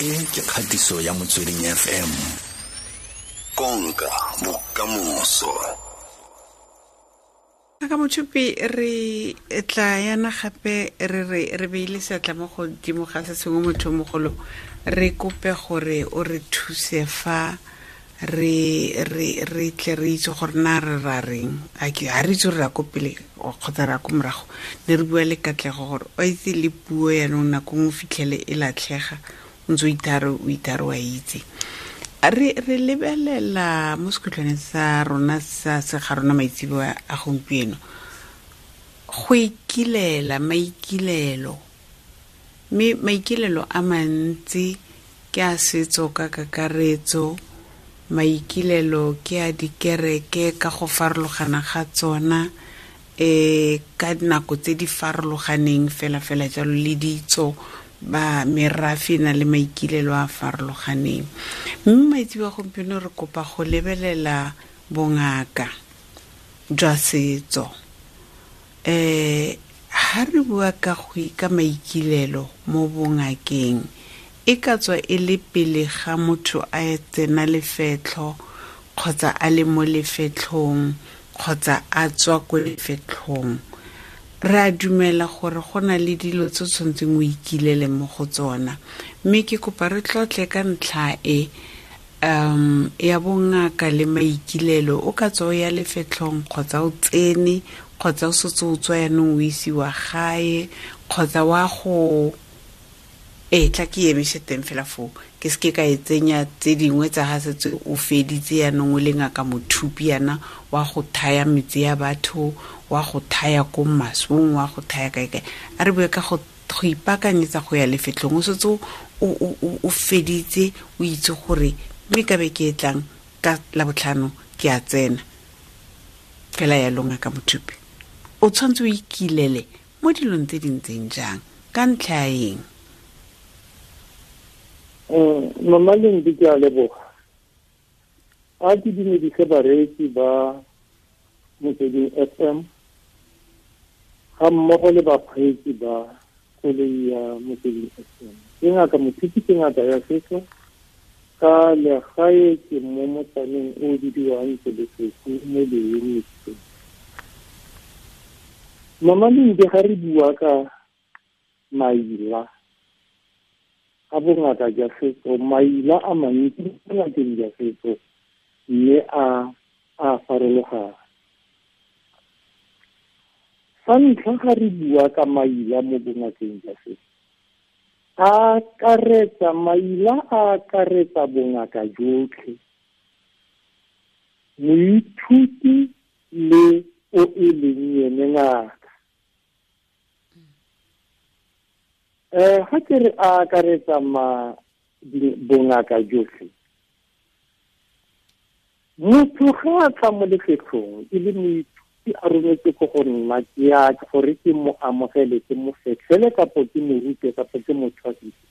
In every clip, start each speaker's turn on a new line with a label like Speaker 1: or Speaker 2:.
Speaker 1: e ke kgatiso ya motsweding fm konka bokamoso
Speaker 2: ka motshupi re tla yana gape re re re beile seatla mo godimo ga se sengwe motho mogolo re kope gore o re thuse fa re re re tle re itse gore na re ra reng a ke ha re itse re ra ko pele kgotsa ra ko morago ne re bua le katlego gore o itse le puo yaanong nakong o fitlhele e latlhega ntse o ithare wa itse re lebelela mo sekhutlhwaneng sa rona sa rona maitsibo a gompieno go ikilela maikilelo mme maikilelo a mantsi ke a setso ka kakaretso maikilelo ke a dikereke ka go farologana ga tsona um ka nako tse di farologaneng fela fela jalo le ditso ba merafe na le maikilelo a farologaneng mme maitsiba gompieno re kopa go lebelela bongaka jwa setso um ha re bua ka go ka maikilelo mo bongakeng e ka tswa e le pele ga motho a tsena lefetlho kgotsa a le mo lefetlhong kgotsa a tswa ko lefetlhong re a dumela gore go na le dilo tse tshwanetseng o ikilele mo go tsona mme ke kopa re tlotle ka ntlha e um ya bongaka le maikilelo o ka tswa o ya lefetlhong kgotsa o tsene kgotsa o setse o tswa yanong o isiwa gae kgotsa wa go ee tla ke emise teng fela foo ke seke ka e tsenya tse dingwe tsa ga setse o feditse yanong o le ngaka mothupi yana wa go thaya metsi ya batho wa go thaya ko masong wa go thaya kae kae a re boe ka go ipaakanyetsa go ya lefetlhong o setse o feditse o itse gore mme ka be ke e tlang ka labotlhano ke a tsena fela yalong a ka mothupi o tshwanetse o ikilele mo dilong tse dintseng jang ka ntlha ya eng
Speaker 1: um eh, mamaleng di ke a leboga a ke dinedise bareetsi ba motsweding f m Ham mohole ba paye ki ba kule ya mwite li esen. Yen a ka mwiti ki te nga daya seso. Kale haye ki mweme panen ou di diwa yi se de seso mwede yi nye seso. Mweme li yi de haribu ah, a ka mayi la. Apo nga daya seso, mayi la a mayi ti nga daya seso. Ye a a faroloha. San kakari di wakamayla mwen bonak enjase. A kareta mayla, a kareta bonak ajose. Mwen choti le o elenye menak. Eh, ha kere a kareta mwen bonak ajose. Mwen chokan akam le fechon, ili mwen chokan. ke arometse ko go nna ke a ke gore ke mo amogele ke mo fetlhele kapo ke mo rute kapo ke mo tshwasitse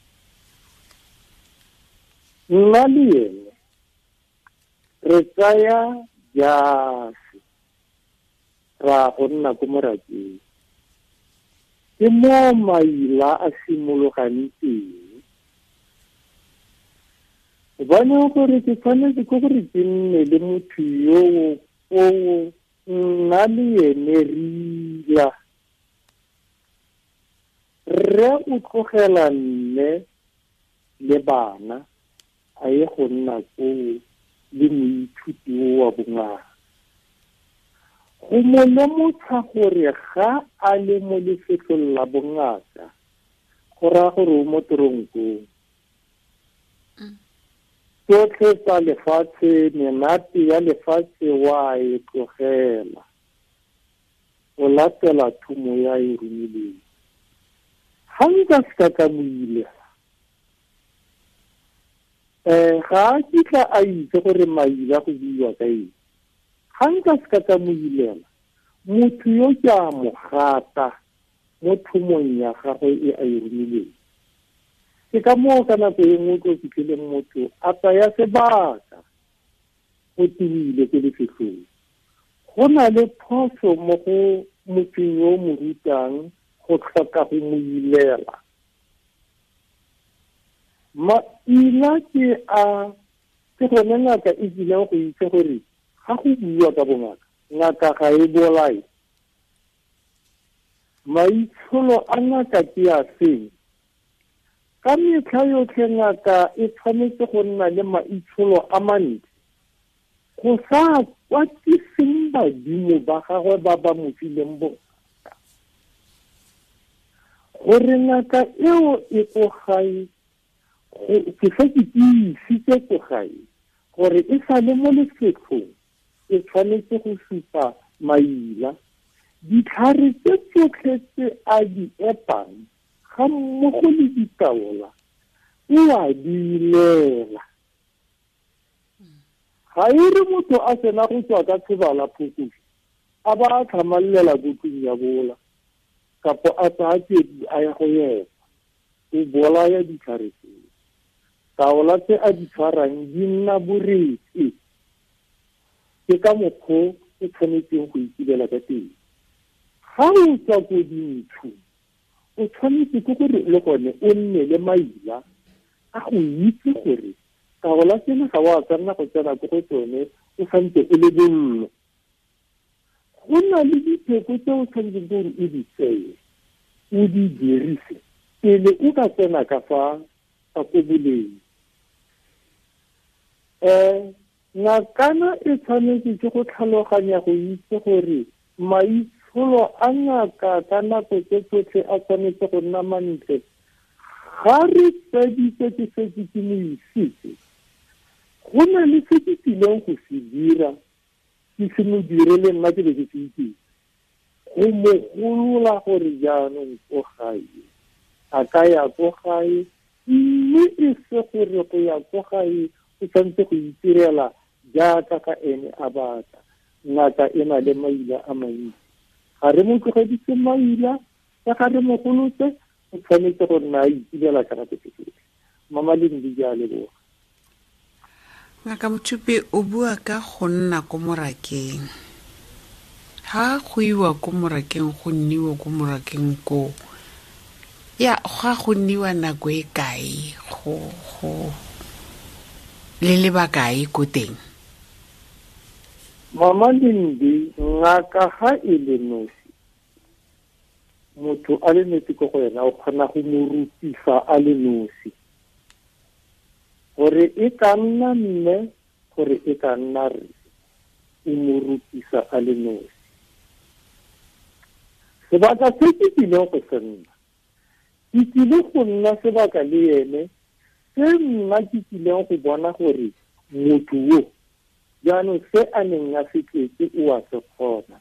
Speaker 1: nna le ene re tsaya jase ra go nna ko morakeng ke mo maila a simologang teng gobane gore ke tshwanetse ke gore ke nne le motho yo o nna le yene rila re o tlogela nne le bana a ye go nna koo le moithuti o wa bongaka go mo lemotlha gore ga a le mo lefetlong la bongaka go raya gore o mo toronkong tsotlhe tsa lefatshe menate ya lefatshe wa e tlogela o latela thumo ya e rumileng ga nka se ka ka moile um eh, ga a kitla a itse gore maila go buiwa ka eng ga nka se ka ka moilela motho yo ke a mo gata mo thumong ya gagwe e a e rumileng se ka mwok anan pe yon mwoko si kele mwoto, ata ya se bata, o ti li leke li se sou. Kona le panso mwoko mwok yo mwok itan, kwa sa kapi mwi le la. Ma ila ki a, se konen naka iji lan kwe yi se kori, ha ku yi yata pou naka, naka ka e do lai. Ma yi chono anan ka ki a se yi, Kamye chayote nga e ka e chanete kon na lema itcholo amani, konsa wakifimba dino baka wababa mwifile mboka. Kore nga ka e o e kohay, kisakit i yi sit e kohay, kore e salemole seko, e chanete kon suta mayi la, di tari seko kese a di epan, ga mmogo le ditaola o a diilela ga e re motho a sena go tswa ka tshebala phokodi a ba a tlhamallela kotlong ya bola kapo a tsaya tedi a ya go yena o bolaya ditlhare tseo taola tse a di tshwarang di nna boretse ke ka mokgwa o tshwanetseng go itibela ka teng ga o tswa ko dintshong o tshwanetse ke gore le gone o nne le maila a go itse gore go la sena ga wa tsena go tsena ko go tsone o santse o e le bollo go na le dipheko tse o tshwanetseng ke gore o di tseye o di dirise pele o ka tsena ka fa ka ko boleng um ngakana e tshwanetse ke go tlhaloganya go itse gore maitse tsholo a ngaka ka nako tse tsotlhe a tshwanetse go nna mantle ga re fedise ke setse ke mo isitse go na le se ke tlileng go se dira ke se mo direle nna ke be ke se itseng go mo golola gore jaanong ko gae a ka ya ko gae mme e se gore go ya ko gae o tshwanetse go itirela jaaka ka ene a batla ngaka e na le maila a mantsi ga re mo tlogeditse maila ya ga re mogolotse o tshwanetse go nna a itibela ka nako tsotlhe mama le ndi leboga
Speaker 2: ngaka mothupi o bua ka go nna ko morakeng ga go iwa ko morakeng go nniwa ko morakeng koo ya ga go nniwa nako e kae go le lebakae ko teng
Speaker 1: Maman lindey, nga kaha ele nou si. Moutou ale netiko kwen, auk anakou mou rupi sa ale nou si. Kore e tan nan men, kore e tan nar, mou rupi sa ale nou si. Seba anakou titi leon kwen san mou. Titi leon kwen nan seba anakou leon, te mou magi titi leon kwen anakou re, moutou ou. jaanong se a neng a se o a se kgona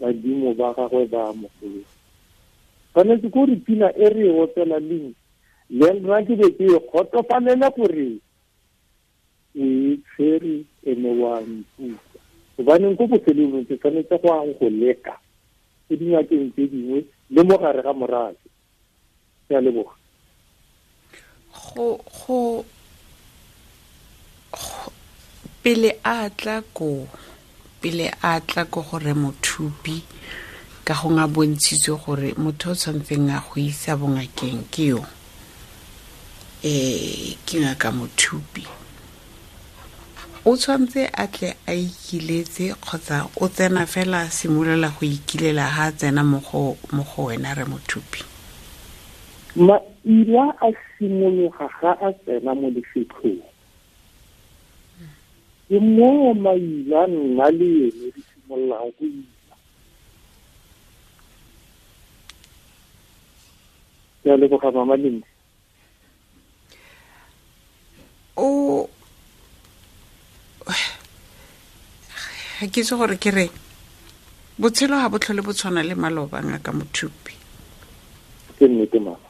Speaker 1: badimo ba gagwe ba mogolo tshwanetse ko re pina e re e otsela leng le nna ke be ke e kgotofalela gore o e tshwere ene wa nthusa gobaneng ko bofelelong ke tshwanetse go ang go leka ko dingakeng tse dingwe le mo gare ga morate ke a leboga
Speaker 2: go go pele a tla ko pele a tla ko gore mothupi ka go nga bontshitswe gore motho o tshwanetseng a go isa bongakeng ke yo um ke ngaka mothupi o tshwanetse a tle a ikiletse kgotsa o tsena fela simolola go ikilela ga a tsena mo go wena re
Speaker 1: mothupi maila a simologa ga a tsena mo lefetlhong ke mo maina nna le ene re simololang go ina ke a leboga mama o ga
Speaker 2: ke itse gore ke re botshelo ga botlhole bo tshwana le maloba ka mothupi
Speaker 1: ke nnete mama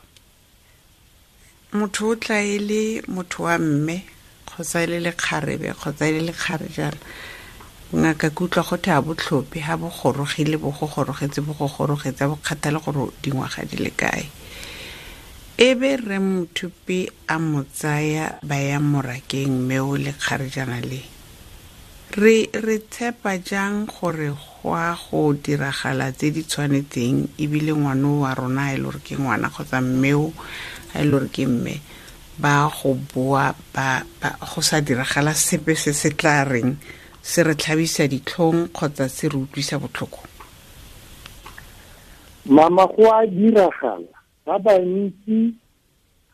Speaker 2: motho o tla e le motho wa mme kgotsa e le lekgarebe kgotsa e le lekgare jalo ngaka ke utlwa go a botlhophe ga bo gorogile bo go gorogetse bo go gorogetse a bo kgatha le gore dingwaga di le kae e be rre mothupi a mo tsaya ba ya morakeng mme o lekgarejana le re re tshepa jang gore go a go diragala tse di tshwanetseng ebile ngwana o wa rona a e le gore ke ngwana kgotsa mmeo a e le gore ke mme ba go boa ba, ba go sa diragala sepe se se tla reng se re tlhabisa ditlhong kgotsa se re utlwisa botlhoko
Speaker 1: mama go a diragala ba bantsi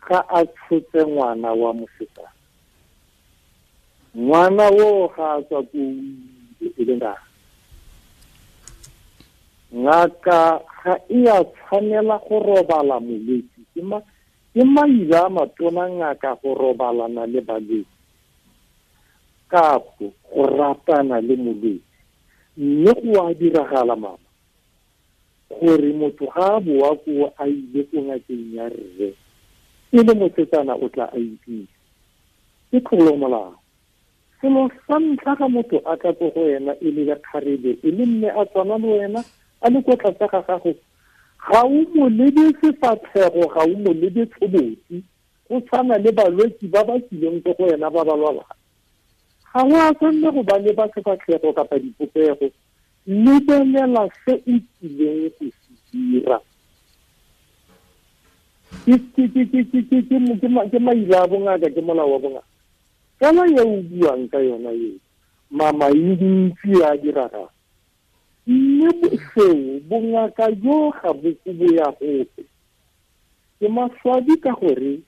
Speaker 1: ga a tshotse ngwana wa mosetsana ngwana wo ga a tswa ko elengaa ngaka ga e a tshwanela go robala molwetsi ke ma ke maila a matona ngaka go robalana le balwetse kapo go ratana le molwetse mme go a diragala mama gore motho ga a boa ko a ile ko ngakeng ya rre e le mosetsana o tla a ipisa ke tlolomolao selo sa ntlha ga motho a tla tse go wena e le ya kgarebe e le mme a tswana le wena a le ko tlase ga gago Ka woun moun ne de se pa kwa kwa, ka woun moun ne de chodo ou ti, kwa sa nga ne ba lwen ki baba kilen kwa kwa ena baba lwa wak. Ka wou a sen de kwa ba ne ba se pa kwa kwa kapadi kwa kwa e kwa, ne ben men la se i kilen kwa si jirat. Ti ti ti ti ti ti ti, mou keman keman ila wap wak, keman la wap wak. Kwa wou ye ou di wang kwa yon a ye, mama yon di yon ki ya dirat a. mme bošweu bongaka jo ga bokobo ya gope ke maswadi ka gore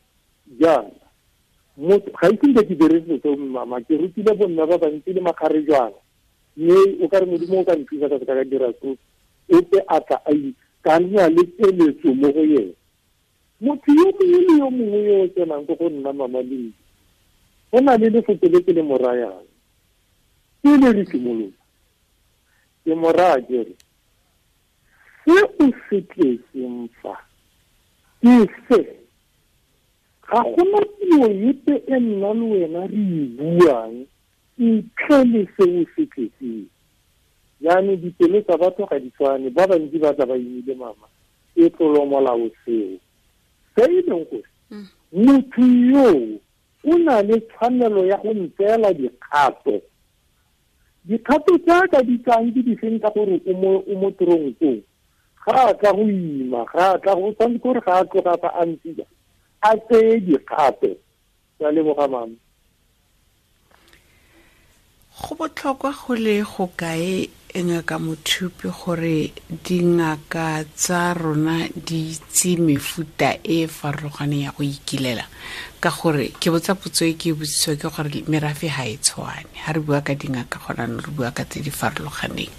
Speaker 1: jaana motho ga itse nke ke dirise mmama ke rutile bonna ba bantsi le makgare jwana mme o ka re modimo o ka nthusa ka seka ka dira so ope a tla a ka ikanya le peletso mo go yena motho yo mongwe le yo mongwe yo o tsenang ko go nna mama lendi go na le lefoko le ke le morayang pele re simolotse ke moraa kere se o se fa ke se ga gona puo epe e nna le wena re e buang ntle le se o se tletseng jaanong dipelo tsa batho ga di tshwane ba bantsi ba tla ba imile mama e tlolomolao seo se e leng gore mm. motho yoo o na le tshwanelo ya go ntseela dikgato dikgato tsa ka di tlang ke difeng ka gore o mo tronkong ga a tla go ima ga a tla go tshwanetse gore ga a tloga fa a ntsika a tseye dikgato tsa leboga mama
Speaker 2: go botlhokwa go le go kae e ngaka mothupi gore dingaka tsa rona di itse mefuta e farologaneng ya go ikilela ka gore ke botsa potso e ke e botsiswa ke gore merafe ga e tshwane ga re bua ka dingaka gonanong re bua ka tse di farologaneng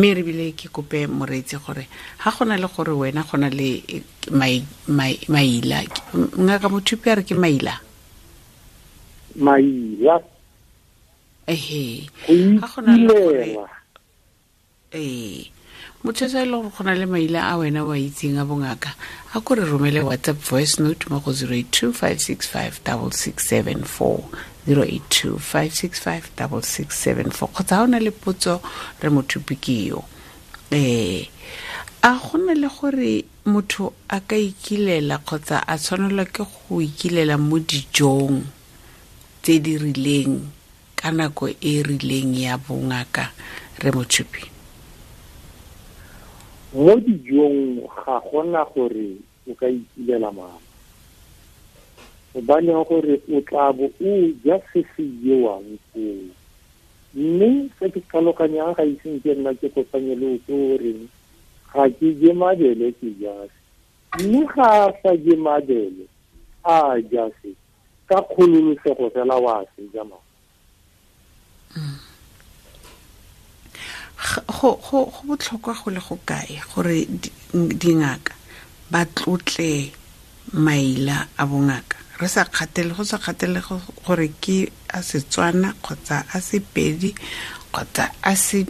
Speaker 2: mme re bile ke kope moreetsi gore ga go na le gore wena go na le eh, maila ngaka mothupi a re ke maila
Speaker 1: maila
Speaker 2: ehe ga go na le
Speaker 1: gore
Speaker 2: ee motho sa e le gore go na le maina a wena wa itseng a bongaka a ko re romele whatsapp voice note mo go 082 565 6674 082 565 6674 kgotsa ga o na le potso re mothupi ke yo um a gona le gore motho a ka ikilela kgotsa a tshwanelwa ke go ikilela mo dijong tse di rileng ka nako e e rileng ya bongaka re mothupi
Speaker 1: Vodi joun kakwana kore yu ka iti lelama. Voban yu kore utabu yu jase si yuwa mpou. Ni sepik kalokanyan ka isinjen na keko panye loukourin, kaki jemadele ki jase. Ni kakwa jemadele, a jase. Ta kouni mseko pelawase jama.
Speaker 2: go go go botlhokwa go le go kae gore dingaka ba tlotle maila a bongaka re sa kgatele go sa kgatele gore ke a setswana kgotsa a sepedi kgotsa a se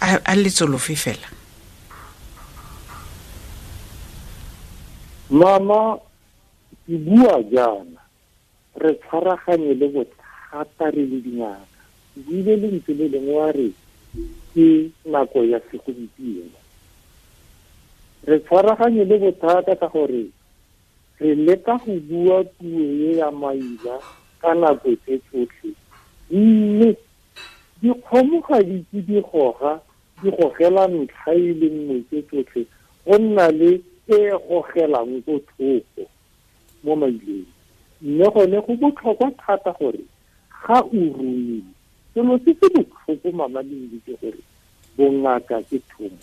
Speaker 2: a letsolofe fela
Speaker 1: mama ke bua jaana re tshwaraganye le bothata re le dingaka Gwile li mpilele mware, ki nagoye si koum diye. Rekwara kanyen le votata kakore, rele ka kouboua kouye ya mayla, kanakote chokse. Ime, di koum kajiti di kouha, di koukhe la mwitayi le mwite chokse, kon nale e koukhe la mwitayi le mwite chokse. Mwoma yi le, mwenye koum le koukhe la mwite chokse, kata kore, ka urunin, selo se se botlhoko mamaledi ke gore bongaka ke thomo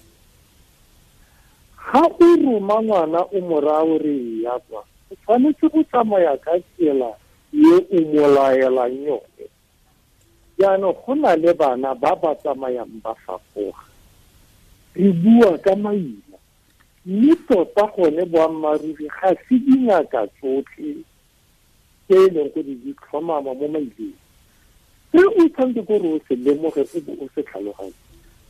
Speaker 1: ga o roma ngwana o morao re ya kwa o tshwanetse go tsamaya ka tsela ye o molaelang yone jaanong go na le bana ba ba tsamayang ba fapoga re bua ka maina mme tota gone boammaaruri ga se dingaka tsotlhe tse e leng go di tlhomama mo maileng ke o itshwanetse gore o se lemoge o bo o se tlhaloganye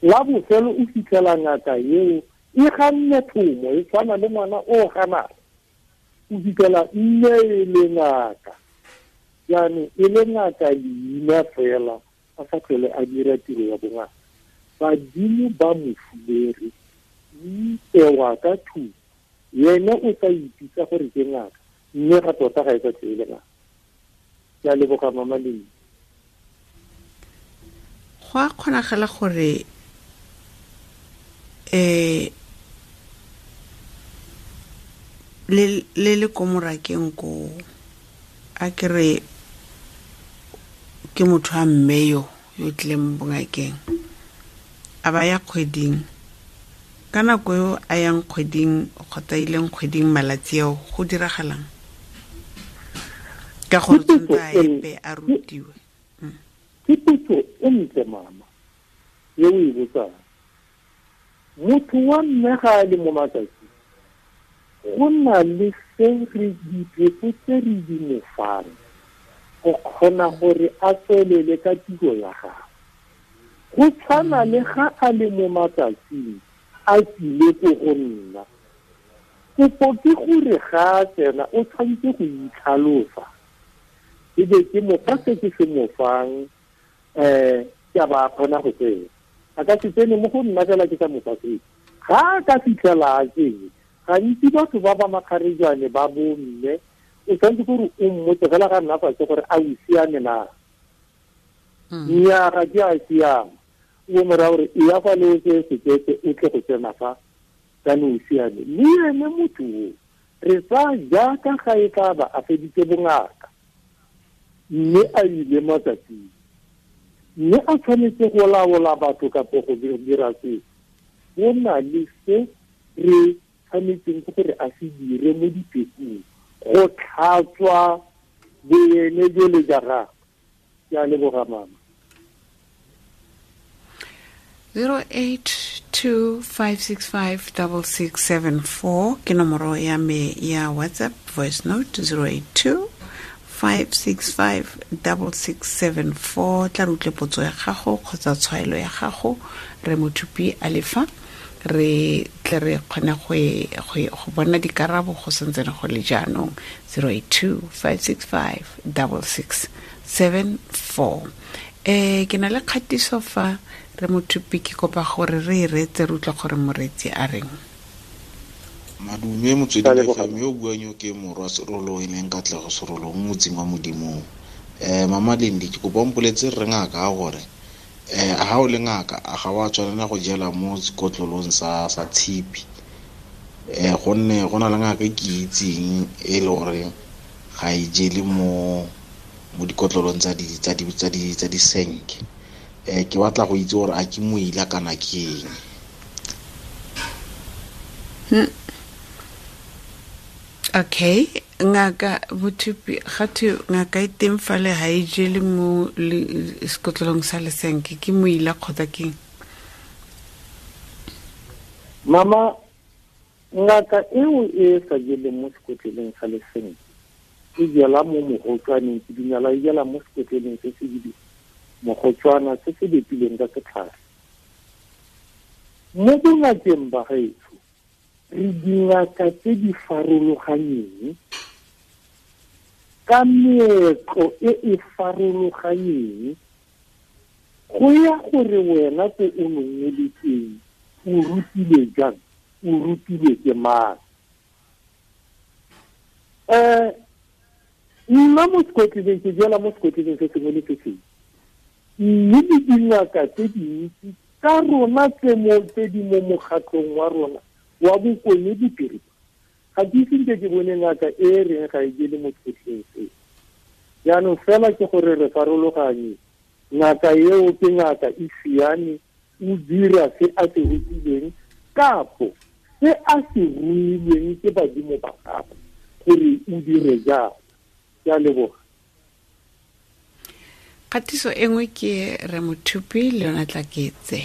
Speaker 1: la bofelo o fitlhela ngaka eo e ganne thomo e tshwana le ngwana o ganang o fitlhela nne e le ngaka jaanong e le ngaka leina fela a sa tlhole a dira tiro ya bongaka badimo ba mofubere tewa e ka thuso yena o tla ipitsa gore ke ngaka mme ga tota ga e sa tlhele ngaka ke a leboga go a
Speaker 2: kgonagala gore um le le ko morakeng koo a kere ke motho a mme yo yo tlileng bongakeng a ba ya kgweding ka nako yo a yang kgweding kgotsa ileng kgweding malatsi ao go diragalang
Speaker 1: ka gore tshwanetse a epe a rutiwe mm. ke potso Emi te mama. Yewe veta. Mwit wan ne ka ale mwata si. Kou nan le senri di de poteri di ne fane. Kou konan kore asole le katigo yaka. Kou fane ale ka ale mwata si. Aji le te konina. Kou poti kou re ka tena. O chanite kou yi chalo fane. E deke mwate te fene fane. eh ke ba bona go tsena a ka se tsene mo go nna fela ke sa mofasetsi ga ka fitlhela a tsene gantsi batho ba ba makgarejane ba bomme o tshwanetse gore o mmotse fela ga nna fatshe gore a o siame na
Speaker 2: hmm. nnyaa
Speaker 1: ga ke a siama o mora gore e ya fa le se sekete o tle go tsena fa kana o siame le ene motho o re tsa jaaka ga e tla ba a feditse bongaka mme a ile matsatsing mme a tshwanetse go laola batho kapo go dira se go na le se re tshwanetseng ke gore a se dire mo dipetseng go tlhatswa boene jole ja gago ke a leboga mama
Speaker 2: 0825656674 ke nomoro ya me ya whatsapp voice note 082 five six five double six seven four tla re utlwe potso ya gago kgotsa tshwaelo ya gago re mothupi a lefa re tle re kgone go e, e, bona dikarabo go sentse ne go le jaanong zero eight two five six five double six seven four um ke na le kgatiso fa re mothupi ke kopa gore re e reetse re utlwa gore moreetsi a reng
Speaker 1: madume motsweding fm yo o buang yo ke morwa serolo e leng katlego serolo mo motseng wa modimong um eh, mama lendi ke kopa re rre ngaka a gore um eh, ga o le ngaka a ga o a tshwanela go jela mo sekotlolong sa tshipi um gonne go na le ngaka e ke e itseng e le gore ga e jele mo mo dikotlolong tsa disenke um ke batla go itse gore a ke moila kana ke
Speaker 2: eng hmm okay ngaka bothupi gatho ngaka e teng fa le ga e jele mo sekotlolong sa lesenke ke moila kgotsa keng
Speaker 1: mama ngaka eo e sa jeleng mo sekotleleng sa lesenke e jela mo mogotswaneng ke dinyala e jela mo sekotleleng se se bidi mogotswana se se bepileng ka setlhare mo bongakeng ba gaetso re dingaka tse di farologaneng ka meetlo e e farologaneng go ya gore wena ko o nongweletseng o rutile jang o rutile ke mang um nna mo sekotleleng ke jela mo sekotleleng se sengwe le se sengwe mme le dingaka tse dintsi ka rona tse di mo mogatlhong wa rona wa bokone bophiri ga ke ise ke bone ngaka e, e reng ga e ke le se jaanong fela ke gore re farologanye ngaka eo ke ngaka e siane o dira se a se rutileng kapo se a se ruilweng ke badimo ba gago gore o dire jang ke a leboga
Speaker 2: kgatiso e nngwe ke re mothupi le yona tla ke etse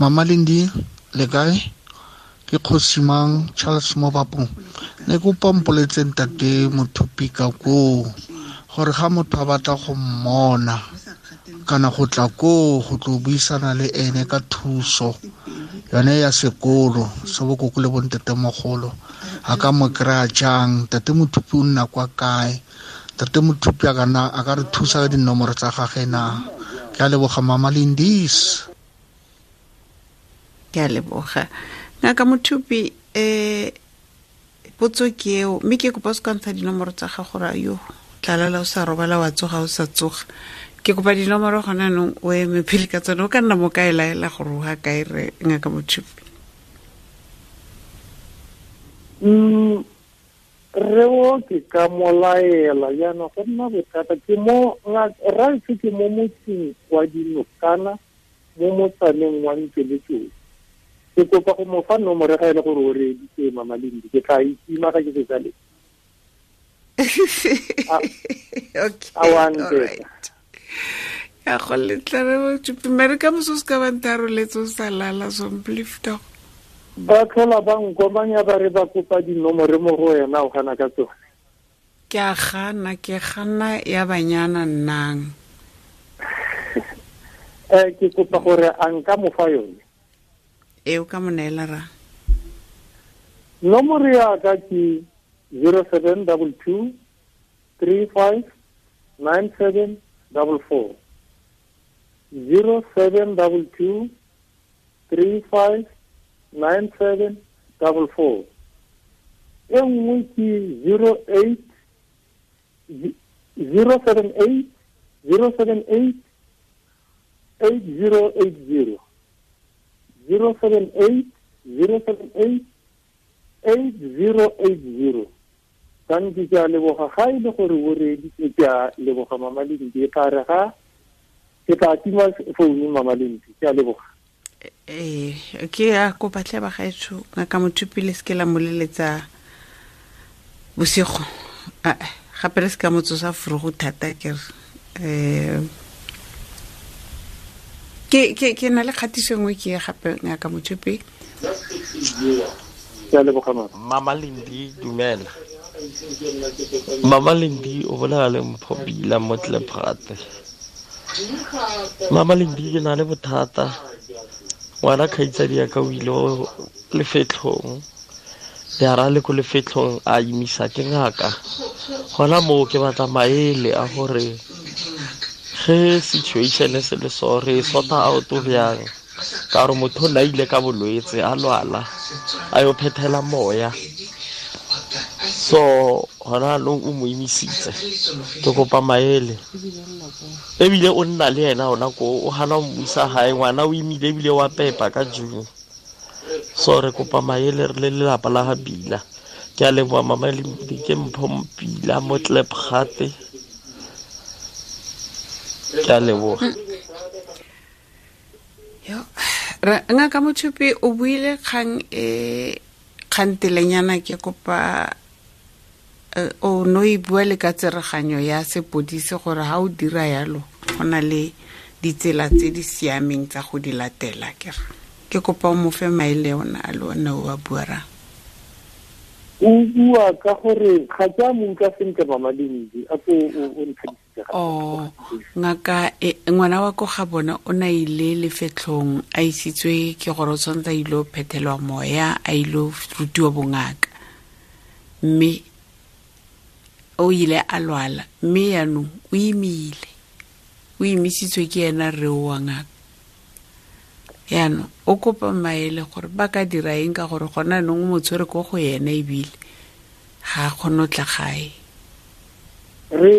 Speaker 3: mama lendi le kae ke kgosimang charles mo bapong ne kopa mpoletseng tate mothupi ka koo gore ga motho a batla go mmona kana go tla koo go tlo buisana le ene ka thuso yone ya sekolo sa bokoko le bontatemogolo a ka mo kry-a jang tate mothupi o nna kwa kae tate mothupi a ka re thusa ka dinomoro tsa gage na ke a lebogamamalindise ke a leboga
Speaker 2: ngaka mothupi um potso ke eo mme ke kopa o se kantsha dinomoro tsa ga gore yo tlalala o sa robala wa tsoga o sa tsoga ke kopa dinomoro gona anong o eme phele ka tsone o ka nna mo ka elaela gore o ga kae re
Speaker 1: ngaka mothupi mm, re o ke ka molaela jaanong go nna bothata ke mo raese ke mo motseng wa dinokana mo motsaneng wa ntse le tsosi ke kopa go mo fa nomore ga ene gore o reditse mamalendi ke tla itima ga ke fetsa le
Speaker 2: ya go letlare botupi mmere ka moso se ka bantharoletse o sa lala somplifto
Speaker 1: ba tlhola ba nkomanya ba re ba kopa dinomore mo go wena o gana ka tsone
Speaker 2: ke a gana ke gana ya banyana nnang
Speaker 1: um ke kopa gore a nka mo fa yone e o ka mo neela ra zero seven double two three five nine seven double four zero seven double two three five nine seven double four e nngwe ke zero eight zero seven eight zero seven eight eight zero eight zero 078 078 8080. Κάνει τη διαλέγωση τη διαλέγωση τη διαλέγωση τη διαλέγωση τη διαλέγωση τη διαλέγωση τη διαλέγωση τη διαλέγωση τη διαλέγωση
Speaker 2: τη διαλέγωση τη διαλέγωση τη διαλέγωση τη διαλέγωση ke ke ke na le kgatiso e nngwe ke ye gape ngaka motshope
Speaker 1: mama lendi dumela mama lendi o bolega le mpho mo tleprate mama lendi ke na le bothata ngwana kgaitsadi ya ka o ile lefetlhong ya ra le ko lefetlhong a imisa ke ngaka gona moo ke batla maele a gore ge situation e se le so re sota out bjang ka gore motho o ile ka bolwetse a lwala a yo phethela moya so gona long o mo imisitse ke kopa maele ebile o nna le ena gona ko
Speaker 3: o gana o mmuisa gae ngwana o imile ebile wa pepa ka june so re kopa
Speaker 1: maele re le lelapa la ga pila ke a leboa mama ke mpho mpila mo tlepgate
Speaker 2: ke leboga mm. ngaka motshupi o buile kgang e kgantelenyana ke kopa e, o no e bua le ka tsereganyo ya sepodisi gore ga o dira yalo go na le ditsela tse di siameng tsa go di latela ke ke kopa o mofe maele ona a le one o
Speaker 1: a buarang o bua ka gore ga tsa monka sentle mama lendi a ko o nthadisitse
Speaker 2: o oh, ngaka e, ngwana wa ko ga bona o na ile lefetlhong a isitswe ke gore o tshwanetse a ile o phethelwa moya a ile rutiwa bongaka mme o ile a lwala mme yaanong o imile o imisitswe ke ena re o wa ngaka yaanong o kopa maele gore ba ka dira eng ka gore gona nong mo tshwere ko go yena ebile ga a kgone o tla gae
Speaker 1: re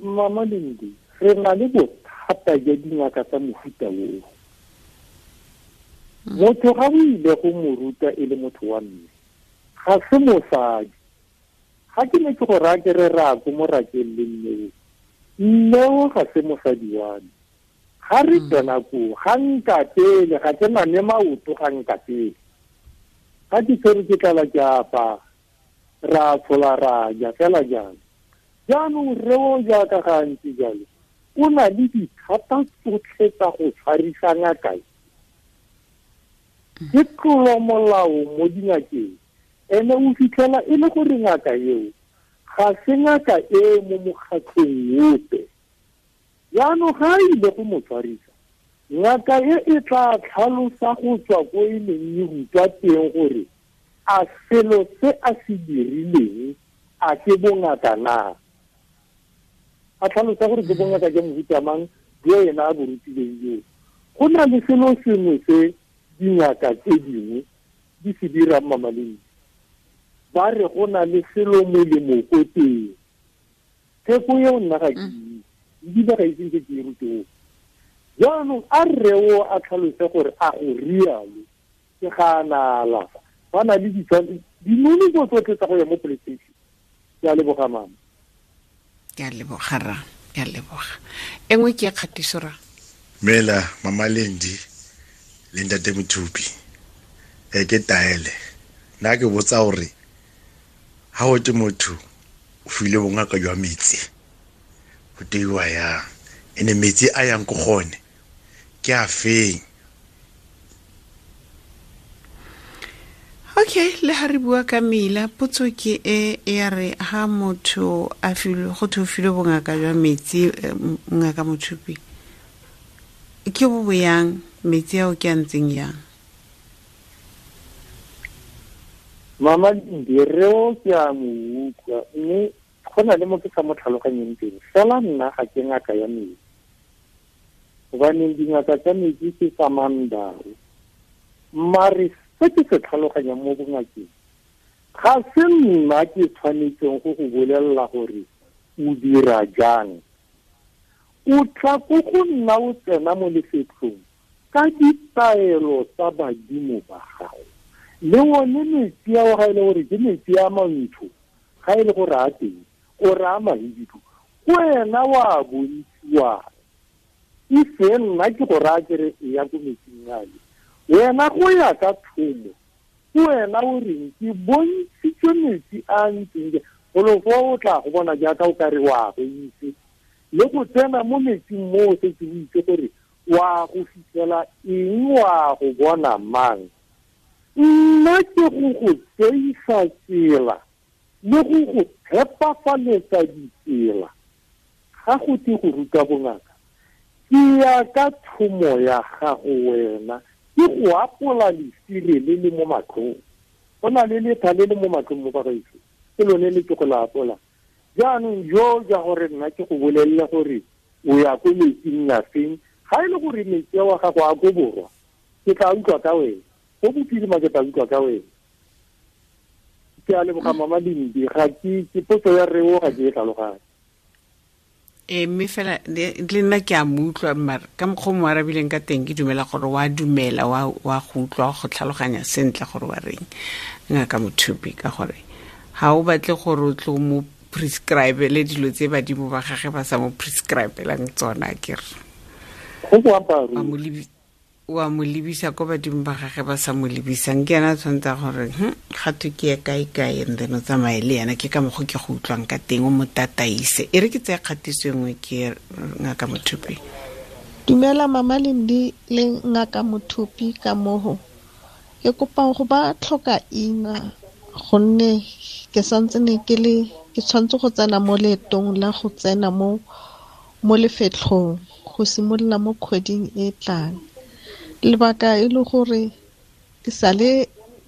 Speaker 1: mama lendi re na le bothata ja dingaka tsa mofuta oo mm. motho ga o ile go mo ruta e le motho wa mme ga se mosadi ga ke ne ke go raya ke re rako mo rakeng le mmeo mmeo ga se mosadi wa me Harip dan akou, hang kate le kacena nemau tou hang kate. Kati serjit ala ki apa, Ra, Fola, Ra, ja, se la jan. Jan ou rewo jaka kanti jan. O nan didi, satat pot se tako farisa nga kaj. Jik lo mo la ou moji nga ki, e nou si chala ino kori nga kaje. Kasi nga kaje, mou mou kasi mou de. jaanong ga ile go mo tshwarisa ngaka e e tla tlhalosa go tswa ko e leng e rutwa teng gore a selo se a se dirileng a ke bongaka na a tlhalosa gore ke bongaka ke mofuta mang jo ena a borutileng joo go na le selo sengwe se dingaka tse dingwe di se dirang mamaleng ba re go na le selo molemo ko teng theko eo nna ga ke mm. di ba raitseng e e ke di ruteng jaanong a o a tlhalose gore a go rialo ke ga a nalapa ba na le ditshwantsho dinoniko tsotlhe tsa go ya mo playstation ke a leboga mama
Speaker 2: ke a leboga
Speaker 1: ra ke a leboga
Speaker 2: e nngwe ke ya kgatiso ra
Speaker 1: mela mama lendi le ntate mothupi e ke taele nna ke botsa gore ha o te motho o file bongaka jwa metsi go deiwa yang ene metsi a yang ko gone ke a feng
Speaker 2: okay le ha re bua ka mela potso ke e, e ya re ha motho a filo go tho filo bongaka jwa metsi eh, ngaka mothupi ke bo boyang metsi ao ke a ntseng yang
Speaker 1: mama ndire o ke a mo utlwa an alemongi sa mwen talokan yon tin, selan na akye nga kaya mi. Wan indi nga kakani ki ti sa manda, maris te ti se talokan ya mwen mwen nga ki, kase mwen nga ki kwa ni tiong kou kou gwele la hori, u dirajan. U tra kou kou na ou te nan mwen li fitou, kati tae lo sabagimu pa hao. Nenwen nini siya wakay le hori, nini siya mwen nitu, hay le kou rati, o raya mahidu wena wa bontsiwang e se nna ke go raya kere e ya ko metsing yale wena go ya ka thomo ke wena o reng ke bontshitswe metsi a ntseng golofo o tla go bona jaaka o kare wa go itse le go tsena mo metsing mo o setse o itse gore wa go fitlhela eng wa go bona mang nna ke go go tseisa tsela le go go phepafaletsa ditsela ga go te go ruta bongaka ke ya ka thomo ya gago wena ke go apola lesire le le mo matlhong go na le letha le le mo matlhong mo bagaitso ke lone le ke go la apola jaanong jo ja gore nna ke go bolelele gore o ya ko metsing ya feng ga e le gore metsi wa gago a ko borwa ke tla utlwa ka wena go bophirima ke tla utlwa ka wena ke a leboga mama dimpi ga ke ke potso ya reo ga ke e tlhaloganye
Speaker 2: e mme fela le nna ke a mo utlwa mmare ka mokgwa mo arabileng ka teng ke dumela gore wa dumela wa go utlwa go tlhaloganya sentle gore wa reng ngaka mothupi ka gore ga o batle gore o tlo mo prescribe le dilo tse badimo ba gage ba sa mo prescribelang tsona kere
Speaker 1: go boammaaruri
Speaker 2: wa mo lebisa ko badimo ba gage ba sa mo lebisang ke yana tshwanetsa gore hmm, gato ke ye kaekae and then o tsamaye le yana ke ka mokgo ke go utlwang ka teng o mo tataise e re ke tseye kgatiso e nngwe ke ngaka mothupi
Speaker 4: dumela mama lemdi le ngaka mothupi ka mogo ke kopang go ba tlhoka ina gonne ke ne ke le ke tshwanetse go tsena mo leetong la go tsena mo mo lefetlhong go simolola mo kgweding e tlang lebaka e le gore e sa le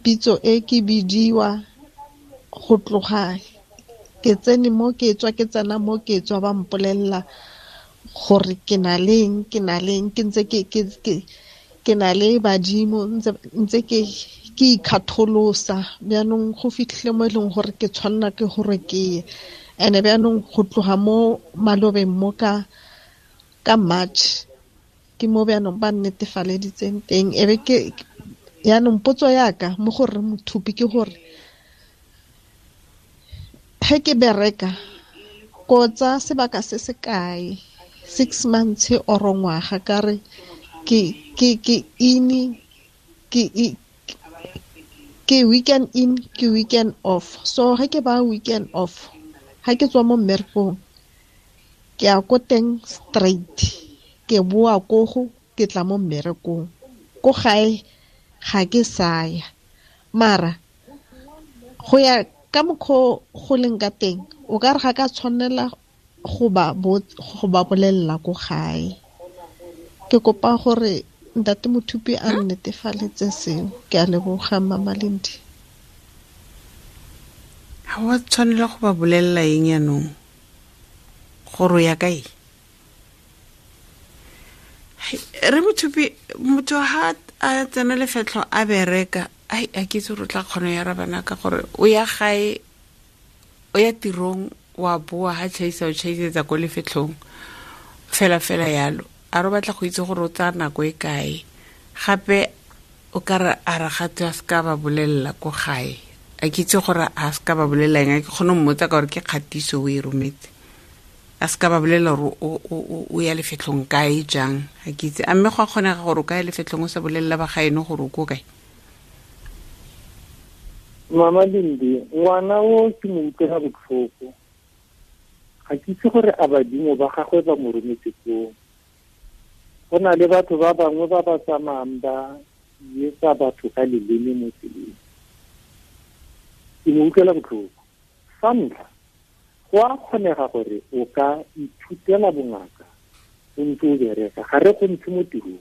Speaker 4: pitso e ke bidiwa go tloga ke tsene mo ke tswa ke tsena mo ke tswa ba mpolelela gore ke na leng ke na leng ke ntse ke ke ke ke na le badimo ntse ke ke ikgatholosa bjanong go fitlhile mo e leng gore ke tshwanela ke gore ke ye and-e bjanong go tloga mo malobeng mo ka ka march ke mo bjanong ba nnetefaleditseng teng e be ke yaanong potso yaka mo gore mothupi ke gore ge ke bereka kotsa sebaka se se kae six months or ngwaga ka re ke ini ke weekend in ke weekend off so ge ke ba weekend off ga ke tswa mo mmerekong ke ya ko teng straight ke boa kogo ke tla mo mmerekong ko gae ga ke sa ya mara go ya ka mokgwa go leng ka teng o ka re ga ka tshwanela go ba bolelela ko gae ke kopa gore ntate mothupi a nnetefaletse seo ke a leboga mamalendi
Speaker 2: ga wa tshwanela go ba bolelela eng yanong gore o ya kae re mothupi motho ha a tsena lefetlho a bereka ai a ke itse gore tla kgono ya ra banaka gore o ya gae o ya tirong wa boa ha chaisa o chaisetsa ko lefetlhong fela fela yalo a re batla go itse gore o tsaya nako e kae gape o ka re a ragatwe a se ka ba bolelela ko gae a ke itse gore a se ka ba bolelelang a ke kgone mmotsa ka gore ke kgatiso o e rometse a se ka ba bolelela gore o ya lefetlhong kae jang ga ke itse a mme go a kgonega gore o ka ya lefetlhong o sa bolelela ba gaeno gore o ko kae
Speaker 1: mama dindi ngwana o ke mo utlwela botlhoko ga ke itse gore a badimo ba gagwe ba mo rometse koo go na le batho ba bangwe ba ba tsamayang ba yetsa batho ka leleme mo tseleng ke mo utlwela botlhoko sa ntlha Kwa kwenye kakore, o ka ityoutela bongaka. Un tou zere. Kare kon chumotirou.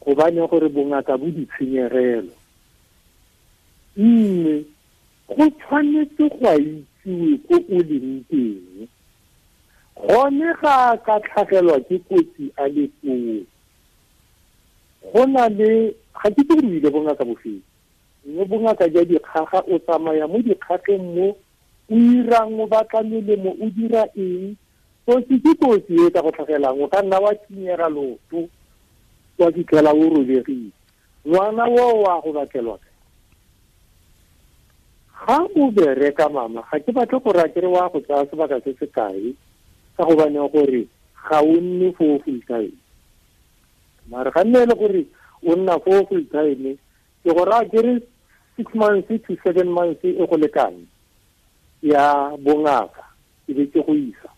Speaker 1: Kwa banyan kore bongaka budi chenye relo. Ime, kwa chanye to kwa ityou, kwa koulin te, kwenye kaka tlake lo aki koti ade pou. Kwenye, kakitouni de bongaka bousi. Nye bongaka jade kaka otamaya, mou di kake mou, Ou yi rang mou ba kan yi le mou ou di rang yi, posi di posi yi ta kouta ke lang, wak na wak ti nye ralou tu, wak yi ke la wou roul yi ki, wak na wou wak wak ke lwak. Kwa mou bere kamama, kakipa chokorakere wak wak wak aso baka se se kai, tako wane okori, kawin ni fokil kai. Mare kane e lakori, wana fokil kai ne, chokorakere, six man si to seven man si, ekole kani. Ya bongaka, ibe chikou yisa.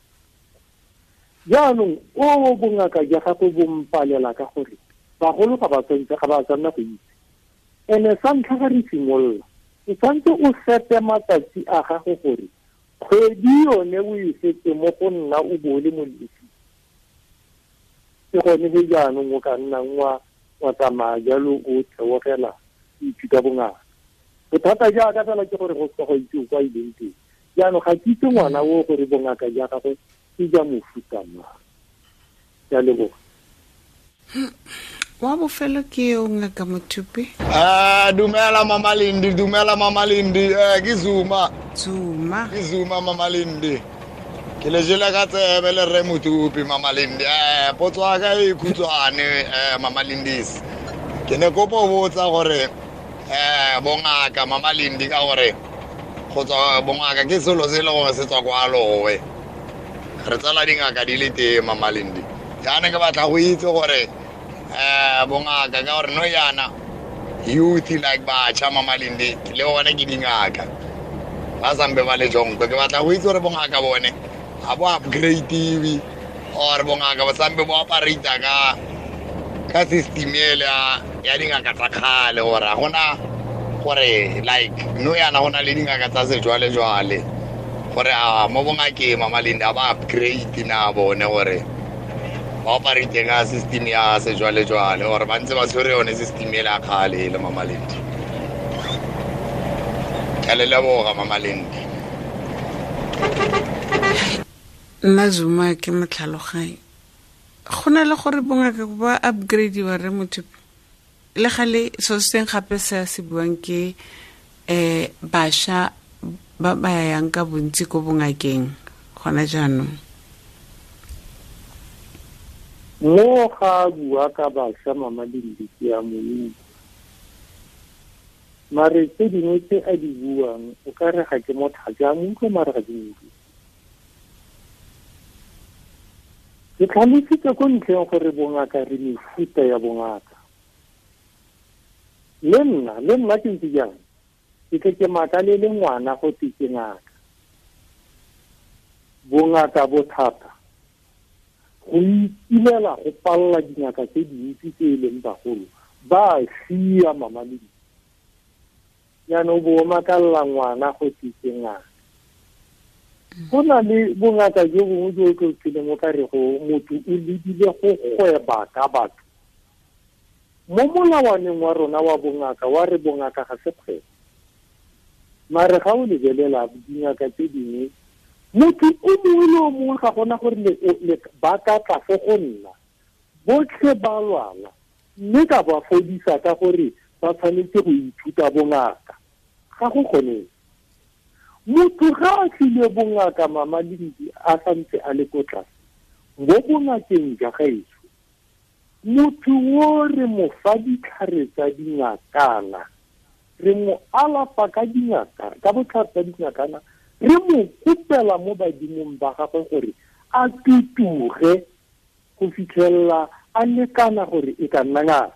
Speaker 1: Janong, ou bongaka jaka koubou mpalela kakori. Bakou lupapa senja kaba san na kou yisi. Ene san kakarisi ngol. Ipanto ou sete mata si akakou kori. Kwe diyo ne wise te mokon na ubo li moun yisi. Chikou niwe janong wakana wak wata maja lupo chawakela. Iche kakabonga. Kwa tata jaka tala chokore kosta kou yise wakay binti. jaanong ga kitse ngwana o gore bongaka ja gagwe ke ja mofuta mang ya leboga
Speaker 3: wa bofelo ke yo ngaka mothupi dumela mama lindi dumela mama lindi e, ke zuma zuma ke zuma mama lindi ke le jela ka tsebe le re mothupi mama lindi eh, potso ka e khutshwane um e, mama ke ne kopo botsa gore eh, bongaka mama lindi ka gore kgotsa bongaka ke selo se e leng gore se tswa kwa lowe re tsala dingaka di le tee mamalendi jaana ke batla go itse gore um bongaka ka gore no jana youth like bašha mamalendi le one ke dingaka ba sampe ba le jonko ke batla go itse gore bongaka bone ga bo upgradeiwe or bongaka ba sampe bo aparata ka ka system ele ya dingaka tsa kgale gore a gona gore like no yana go na le dingaka tsa sejwalejwale gore a ah, mo bongakeng mamalendi a ba upgrade na bone gore ba operate ka system ya sejwalejwale gore ba ntse ba tshwere yone system e le e a kgale le mamalendi ka le mamalendi
Speaker 2: nna zuma ke motlhaloganyo go na le gore bongaka ba upgradiwa re motho le gale so seng gape se se buang ke eh basha ba ba yang ka bontsi ko bongakeng gona jaanong
Speaker 1: mo ga bua ka bašwa mamadindiki dindi ke ya monni mare tse dingwe tse a di buang o ka re ga ke mothaja ke a moutlwe mare ga ke ke tlhalositse ko ntlheng gore bongaka re mefuta ya bongaka le nna le nna ke ntse jang ke tle ke maka le ngwana go tse ke ngaka bongaka bothata go ikilela go palela dingaka tse dintsi tse e leng bagolo ba sia mamaledi jaanong bo makalela ngwana go tse ke ngaka go na le bongaka jo bongwe jo o tlo tlileng o ka re go motho o lebile go gweba ka batho mo molawaneng wa rona wa bongaka wa re bongaka ga se kgwebo mare ga o lebelela dingaka tse dingwe motho o mongwe le o mongwe ga gona gore ba ka tlase go nna botlhe ba lwala mme ka ba fodisa ka gore ba tshwanetse go ithuta bongaka ga go kgoneng motho ga a tlile bongaka mama lendi a santse a le ko tlase mo bongakeng ja gaetso motho wo re mo fa ditlhare tsa dingakana re mo alapa ka dingakana ka botlhare tsa dingakana re mo kopela mo badimong ba gagwe gore a tutuge go fitlhelela a lekana gore e ka nna ngaka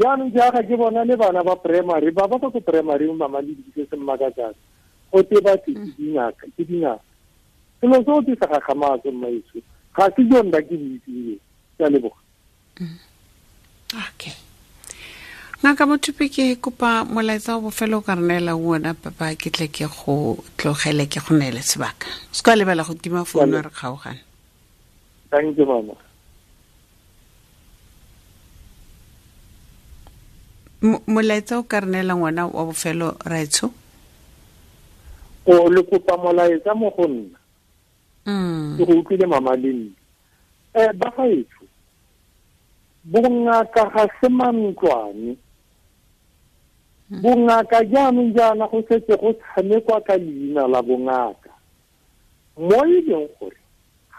Speaker 1: jaanong jaaka ke bona le bana ba primary ba ba ba ko primary mama le se mmaka jana go te batse ke mm. dingaka ke dingaka selo seo ke sa gagamatse mmaiso ga se jonda ke boitseng ke a leboga Mm.
Speaker 2: okay ngaka bothupi ke kopa molaetsa wa bofelo o ka re neela wona papa ke tle ke go tlogele ke go neele sebaka se ka lebala go tima founu re
Speaker 1: kgaogane thank you mama
Speaker 2: molaetsa o ka re neela ngwana wa bofelo raitsho
Speaker 1: e o le kopa molaetsa mo go nna mm. ke go utlwile mama le nna um ba gaetso bongaka ga se mantlwane hmm. bongaka jaanong jaana go setse go tshamekwa ka leina la bongaka mo e leng gore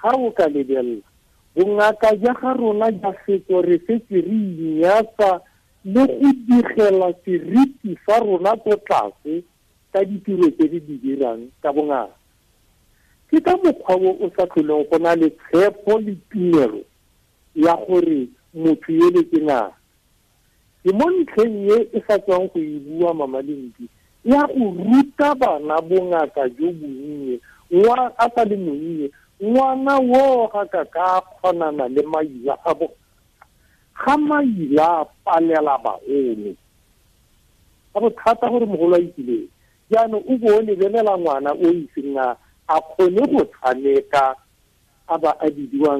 Speaker 1: ga o ka lebelela bongaka ja ga rona ja setso re setse re inyatsa le go digela seriti fa rona ko tlase ka ditiro tse di di dirang ka bongaka ke ka mokgwa o o sa tlholeng go na le tshepo le tumelo ya gore motho yele ke ngaka ke mo ntlheng e e sa tswang go e bua mama lempi e ya go ruta bana bongaka jo bonnye ngwa a sa le monnye ngwana wo ga ka ka kgonana le maila a bo ga maila a palela baone ka bothata gore mogolo a itileng jaanong o bo o lebelela ngwana o itseng e a kgone go tshameka a ba a bidiwa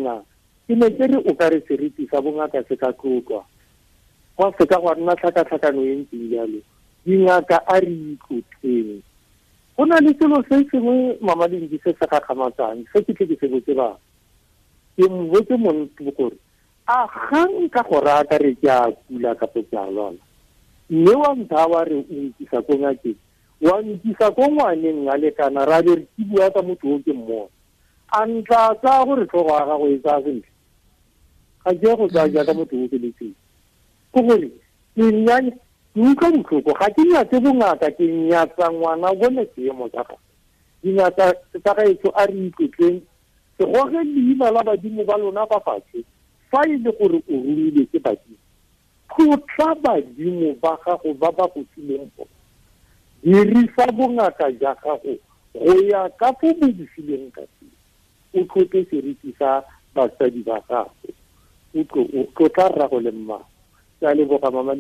Speaker 1: ke ne ke re o ka re seriti sa bongaka se ka tlokwa gwa se ka gwa nna tlhakatlhakano e ntseng jalo dingaka a re ikotleng go na le selo se sengwe mamalengdi se se gakgamatsang se ke tle ke se botse ke mbotse monto gore a gang ka go rata re ke a kula kapo ke a lwala mme wa ntsha wa re o nkisa ko ngakeng wa nkisa ko ngwaneng a lekana ra be re ke bua ka motho o ke mmona a ntla tsaya gore tlhogo ya gago e tsaya sentle ga ke go tsaya jaaka motho o feletseng ke gore ke nnyane ke utlwa botlhoko ga ke nyatse bongata, ke nyatsa ngwana bone seemo sa gago dinyatsa tsa gaetsho a re itlotleng segoge leina la badimo ba lona fa fatshe fa e le gore o ruile ke badimo tlotla badimo ba gago ba ba go tsileng bona dirisa bongata ja gago go ya ka fo bo bofileng ka teng o tlhoke seriti sa basadi ba gago o tla rra go le mma ke a leboga mama